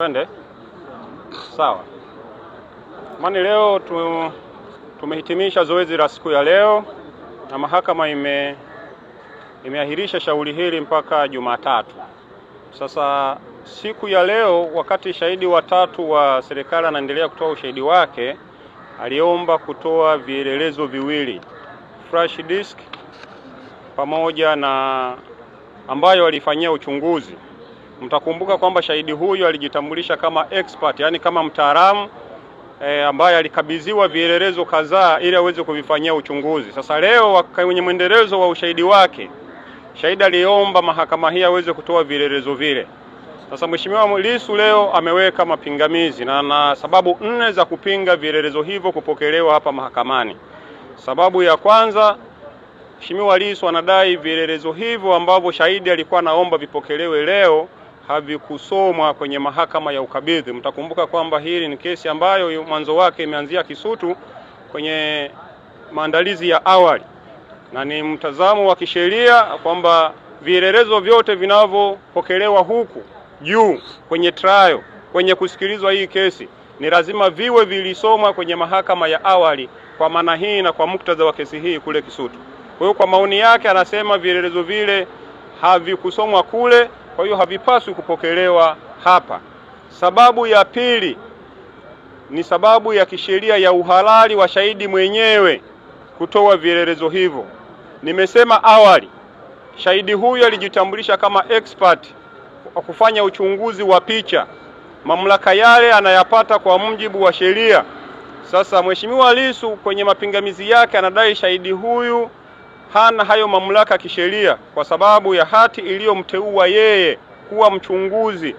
Twende sawa. Mani, leo tu, tumehitimisha zoezi la siku ya leo na mahakama ime imeahirisha shauri hili mpaka Jumatatu. Sasa siku ya leo, wakati shahidi watatu wa serikali anaendelea kutoa ushahidi wake, aliomba kutoa vielelezo viwili, flash disk pamoja na ambayo alifanyia uchunguzi Mtakumbuka kwamba shahidi huyu alijitambulisha kama expert, yaani kama mtaalamu e, ambaye alikabidhiwa vielelezo kadhaa ili aweze kuvifanyia uchunguzi. Sasa leo kwenye mwendelezo wa ushahidi wake, shahidi aliomba mahakama hii aweze kutoa vielelezo vile. Sasa Mheshimiwa Lissu leo ameweka mapingamizi na, na sababu nne za kupinga vielelezo hivyo kupokelewa hapa mahakamani. Sababu ya kwanza, Mheshimiwa Lissu anadai vielelezo hivyo ambavyo shahidi alikuwa anaomba vipokelewe leo havikusomwa kwenye mahakama ya ukabidhi. Mtakumbuka kwamba hili ni kesi ambayo mwanzo wake imeanzia Kisutu kwenye maandalizi ya awali, na ni mtazamo wa kisheria kwamba vielelezo vyote vinavyopokelewa huku juu kwenye trial, kwenye kusikilizwa hii kesi ni lazima viwe vilisomwa kwenye mahakama ya awali kwa maana hii na kwa muktadha wa kesi hii kule Kisutu. Kwa hiyo, kwa maoni yake anasema vielelezo vile havikusomwa kule kwa hiyo havipaswi kupokelewa hapa. Sababu ya pili ni sababu ya kisheria ya uhalali wa shahidi mwenyewe kutoa vielelezo hivyo. Nimesema awali, shahidi huyu alijitambulisha kama expert kwa kufanya uchunguzi wa picha. Mamlaka yale anayapata kwa mujibu wa sheria. Sasa Mheshimiwa Lissu kwenye mapingamizi yake anadai shahidi huyu hana hayo mamlaka kisheria kwa sababu ya hati iliyomteua yeye kuwa mchunguzi.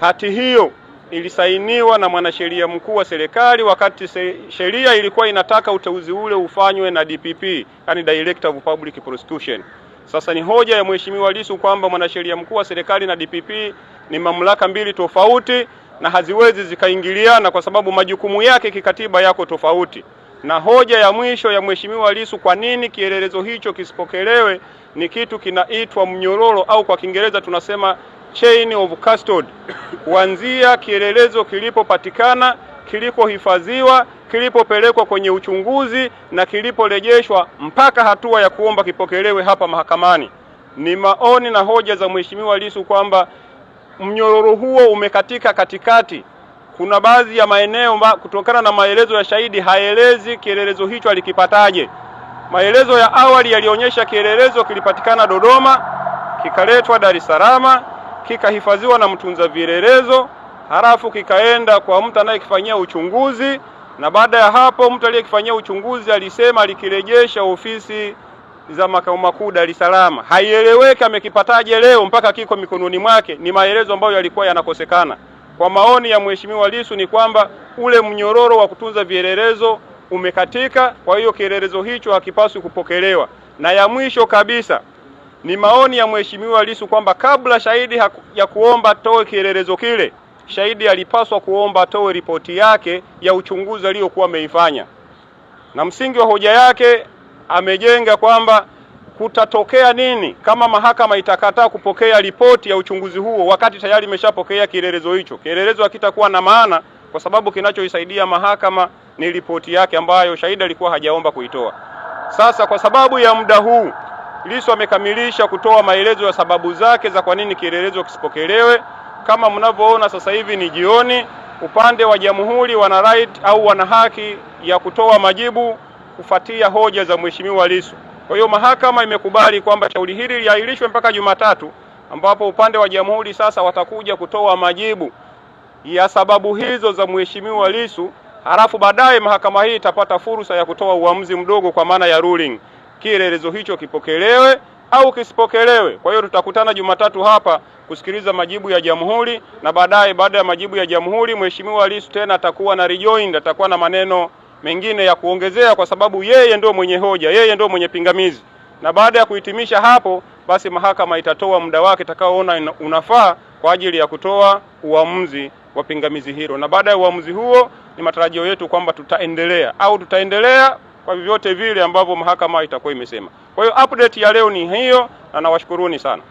Hati hiyo ilisainiwa na mwanasheria mkuu wa serikali wakati sheria ilikuwa inataka uteuzi ule ufanywe na DPP, yani Director of Public Prosecution. Sasa ni hoja ya Mheshimiwa Lissu kwamba mwanasheria mkuu wa serikali na DPP ni mamlaka mbili tofauti na haziwezi zikaingiliana kwa sababu majukumu yake kikatiba yako tofauti. Na hoja ya mwisho ya Mheshimiwa Lissu, kwa nini kielelezo hicho kisipokelewe, ni kitu kinaitwa mnyororo au kwa Kiingereza tunasema chain of custody, kuanzia kielelezo kilipopatikana, kilipohifadhiwa, kilipopelekwa kwenye uchunguzi na kiliporejeshwa mpaka hatua ya kuomba kipokelewe hapa mahakamani. Ni maoni na hoja za Mheshimiwa Lissu kwamba mnyororo huo umekatika katikati kuna baadhi ya maeneo kutokana na maelezo ya shahidi haelezi kielelezo hicho alikipataje. Maelezo ya awali yalionyesha kielelezo kilipatikana Dodoma, kikaletwa Dar es Salaam, kikahifadhiwa na mtunza vielelezo, halafu kikaenda kwa mtu anayekifanyia uchunguzi, na baada ya hapo mtu aliyekifanyia uchunguzi alisema alikirejesha ofisi za makao makuu Dar es Salaam. Haieleweki amekipataje leo mpaka kiko mikononi mwake. Ni maelezo ambayo yalikuwa yanakosekana. Kwa maoni ya Mheshimiwa Lissu ni kwamba ule mnyororo wa kutunza vielelezo umekatika, kwa hiyo kielelezo hicho hakipaswi kupokelewa. Na ya mwisho kabisa ni maoni ya Mheshimiwa Lissu kwamba kabla shahidi ya kuomba toe kielelezo kile, shahidi alipaswa kuomba toe ripoti yake ya uchunguzi aliyokuwa ameifanya, na msingi wa hoja yake amejenga kwamba kutatokea nini kama mahakama itakataa kupokea ripoti ya uchunguzi huo, wakati tayari imeshapokea kielelezo hicho? Kielelezo hakitakuwa na maana, kwa sababu kinachoisaidia mahakama ni ripoti yake ambayo shahidi alikuwa hajaomba kuitoa. Sasa kwa sababu ya muda huu, Lissu amekamilisha kutoa maelezo ya sababu zake za kwa nini kielelezo kisipokelewe. Kama mnavyoona sasa hivi ni jioni, upande wa jamhuri wana right au wana haki ya kutoa majibu kufuatia hoja za mheshimiwa Lissu. Kwa hiyo mahakama imekubali kwamba shauri hili liahirishwe mpaka Jumatatu, ambapo upande wa jamhuri sasa watakuja kutoa majibu ya sababu hizo za mheshimiwa Lissu, halafu baadaye mahakama hii itapata fursa ya kutoa uamuzi mdogo, kwa maana ya ruling, kielelezo hicho kipokelewe au kisipokelewe. Kwa hiyo tutakutana Jumatatu hapa kusikiliza majibu ya jamhuri, na baadaye, baada ya majibu ya jamhuri, mheshimiwa Lissu tena atakuwa na rejoinder, atakuwa na maneno mengine ya kuongezea, kwa sababu yeye ndio mwenye hoja, yeye ndio mwenye pingamizi. Na baada ya kuhitimisha hapo, basi mahakama itatoa muda wake itakaoona unafaa kwa ajili ya kutoa uamuzi wa pingamizi hilo, na baada ya uamuzi huo ni matarajio yetu kwamba tutaendelea au tutaendelea kwa vyovyote vile ambavyo mahakama itakuwa imesema. Kwa hiyo update ya leo ni hiyo, na nawashukuruni sana.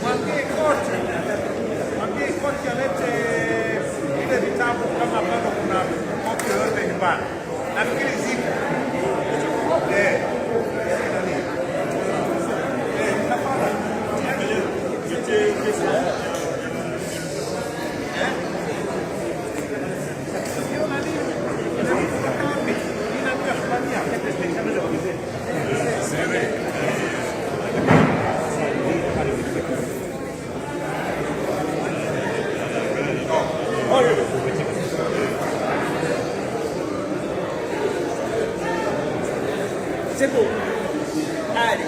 Mwambie koti alete eh, ile vitabu kama kuna kopi yoyote nyumbani. Nafikiri Tipo, Ari.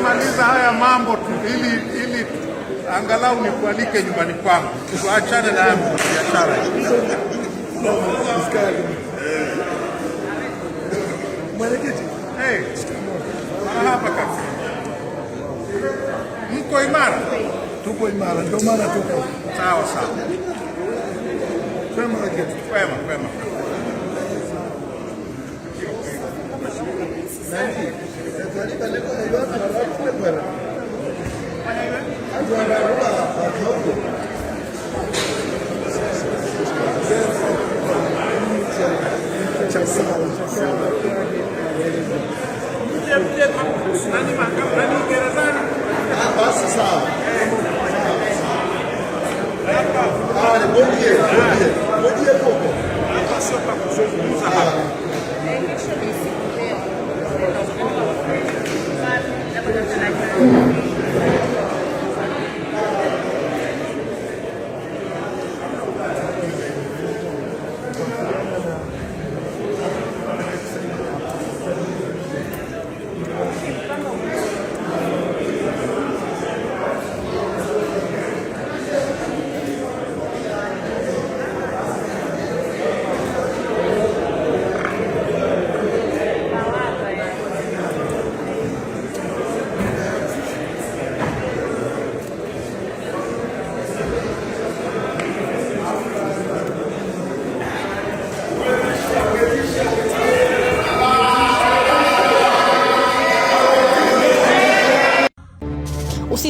tukishamaliza haya mambo tu, ili, ili angalau nikualike nyumbani kwangu, tuachane na biashara hapa Mko imara? Tuko imara, ndio maana tuko sawa sawa. Kwema kwema kwema. para. Agora, vamos lá, çok sağ olun. Çok sağ olun. Basta sağ olun. Olha, bom dia, bom dia. Bom dia, Coco. Passou para vocês muito rápido.